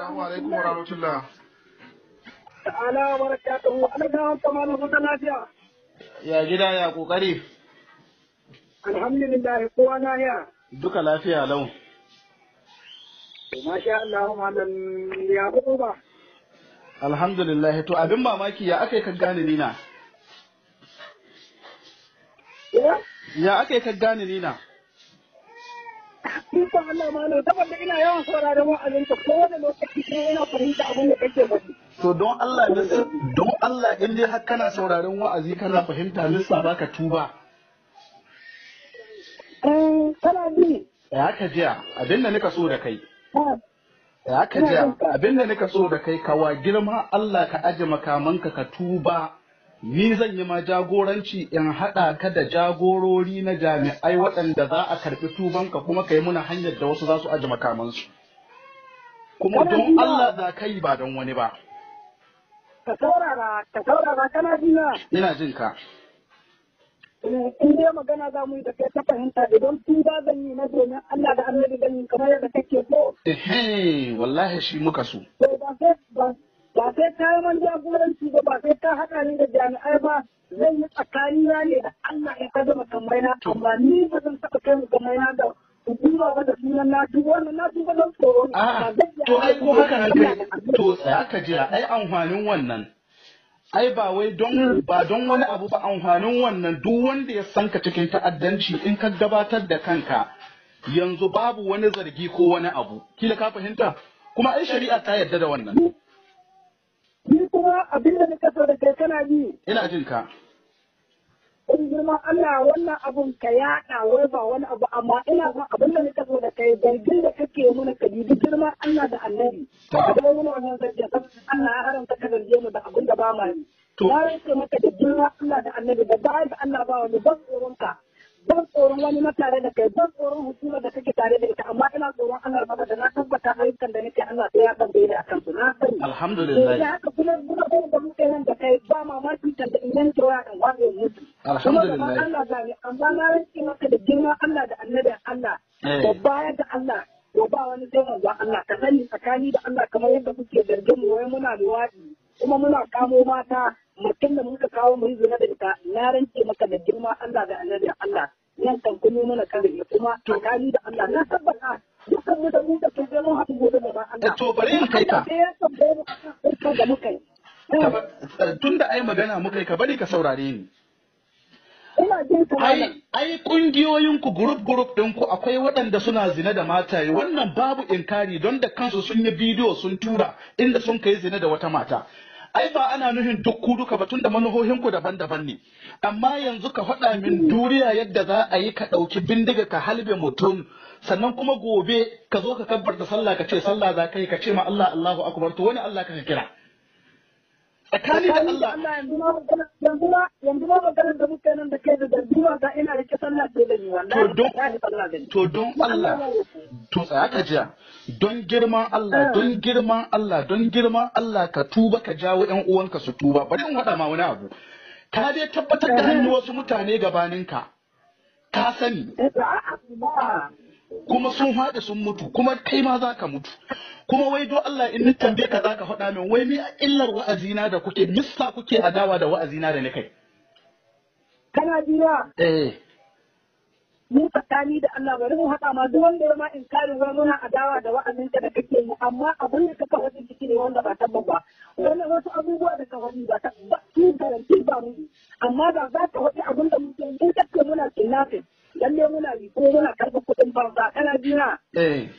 Assalamu alaikum wa rahmatullah. Ala barakatuhu. Ana gawan kamalu kuta lafiya. Ya gida ya kokari. Alhamdulillah kowa na ya. Duka lafiya lau. Masha Allah malam ya kuma ba. Alhamdulillah to abin mamaki ya aka ka gane nina. Ya aka ka gane nina. Ikon Allah ma ne saboda ina yawan sauraron wa'azinka kowane lokaci kuma ina fahimta abin da kake mutu. To don Allah don Allah in dai har kana sauraron wa'azi kana fahimta lissa baka tuba. Eh kana bi. Ya ka jiya abinda nika so da kai. Ya ka jiya abinda nika so da kai ka wa girma Allah ka aje makamanka ka tuba. ni zan yi ma jagoranci in haɗa ka da jagorori na jami'ai waɗanda za a karɓi tubanka kuma ka yi muna hanyar da wasu za su aji makamansu. Kuma don Allah za ka yi ba don wani ba. Ka saurara, ka saurara kana jina. Ina jin ka. Eh, in dai magana za mu yi da kai ta fahimta idan ba zan yi na domin Allah da annabi zan yi kamar yadda kake so. Ehe, wallahi shi muka so. Ba ba sai ka yi man jagoranci ba ba sai ka haɗa ni da jami'ai ba zan yi tsakani na ne da Allah ya ka zama kamar na amma ni ba zan saka kai mu kamar na da hukuma ba da sunan na duk wannan na duk wannan tsoro to ai ko haka na kai to sai ka jira ai amfanin wannan ai ba wai don ba don wani abu ba amfanin wannan duk wanda ya sanka cikin ta'addanci in ka gabatar da kanka yanzu babu wani zargi ko wani abu kila ka fahimta kuma ai shari'a ta yarda da wannan kuma abin da nika so da kai kana Ina jin ka. In girma Allah wannan abun ka yaɗa wai ba wani abu amma ina son abin da nika so da kai zargin da kake mana ka bibi girma Allah da annabi. Ka wani wannan zargin Allah ya haramta ka zarge mu da abin da ba ma ni. Na maka da girma Allah da annabi da ba da Allah ba wani ban tsoron ka. Ban tsoron wani da kai ban tsoron da kake tare da ita amma tsoron Allah da na tabbata ayyukan da nake Allah sai ya tambaye ni akan su na sani alhamdulillah da haka kuma da muke nan da kai ba mamaki da idan wani mutu alhamdulillah Allah da amma na rike maka da Allah da annabi Allah da baya da Allah ko ba wani sai Allah ka sani tsakani da Allah kamar yadda kuke zargin mu wai muna luwadi kuma muna kamo mata mutum da muka kawo mu zina da ita na rance maka da girma Allah da annabi Allah nan kan kuma mana kuma tsakani da Allah na tabbata dukkan mu da mu da haɗu gobe da ba To bari in kai ka. Eh, Tun da ai magana muka yi ka bari ka saurare ni. Ai ai kungiyoyin ku group akwai waɗanda suna zina da mataye wannan babu inkari don da kansu sun yi bidiyo sun tura inda sun kai zina da wata mata. ai ba ana nufin duk duka ba tunda manuhohin ku daban-daban ne amma yanzu ka faɗa min duriya yadda za a yi ka ɗauki bindiga ka halbe mutum sannan kuma gobe ka zo ka kabbar da sallah ka ce sallah za ka yi ka ce ma Allah Allahu akbar to wani Allah ka kira tsakani da Allah yanzu ma yanzu ma maganar da muka nan da kai da darduma ga ina rike sallah ce da ni wannan to don Allah to tsaya ka jiya don girman Allah don eh. girman Allah don girman Allah ka tuba ka jawo 'yan uwanka su tuba bari in haɗa ma wani abu ka dai tabbatar da hannu eh. wasu mutane gabaninka ka sani eh, kuma sun haɗa sun mutu kuma kai ma za ka mutu kuma wai do Allah in ni tambaye ka zaka faɗa min wai ni illar wa'azina da kuke missa kuke adawa da wa'azina da ni kai kana jira eh mu tsakani da Allah bari mu haɗa ma duk wanda ya ma in kare wai muna adawa da wa'azinka da kake yi amma abin da kaka wani jiki ne wanda ba tabba ba wannan wasu abubuwa da ka wani ba ta ba ki garanti ba mu amma ba za ka wani abin da muke yi kake muna kinnafin lalle muna yi ko muna karɓar kuɗin banza kana jira eh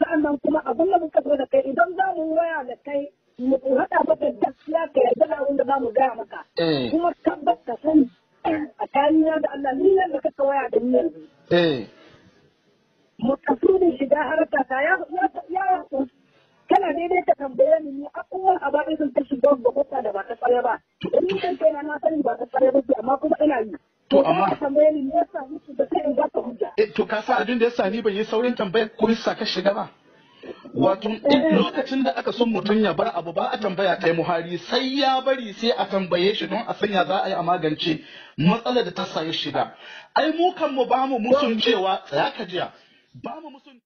sa'annan kuma abin da muka so da kai idan za mu waya da kai mu haɗa maka gaskiya ka yarda da abin da za mu gaya maka eh. kuma tabbas ka sani a tarihi da Allah ni nan da ka waya da ni yanzu eh. mutasudin shiga harka ta ya ya kana daidai ka tambaye ni ni abubuwan a bayan sun ta da ba ta tsare ba ni kan na sani ba ta tsare ba amma kuma ina yi to amma tambaye ni me yasa da kai Eh, to ka abin da ya sani bai yi saurin tambayar ko sa ka shiga ba wato lokacin da aka son mutum ya bar abu ba a tambaya ta muhari sai ya bari sai a tambaye shi don a sanya za a yi a magance matsalar da ta sa ya shiga ai mu kan mu ba mu musun cewa za ka jiya ba mu musun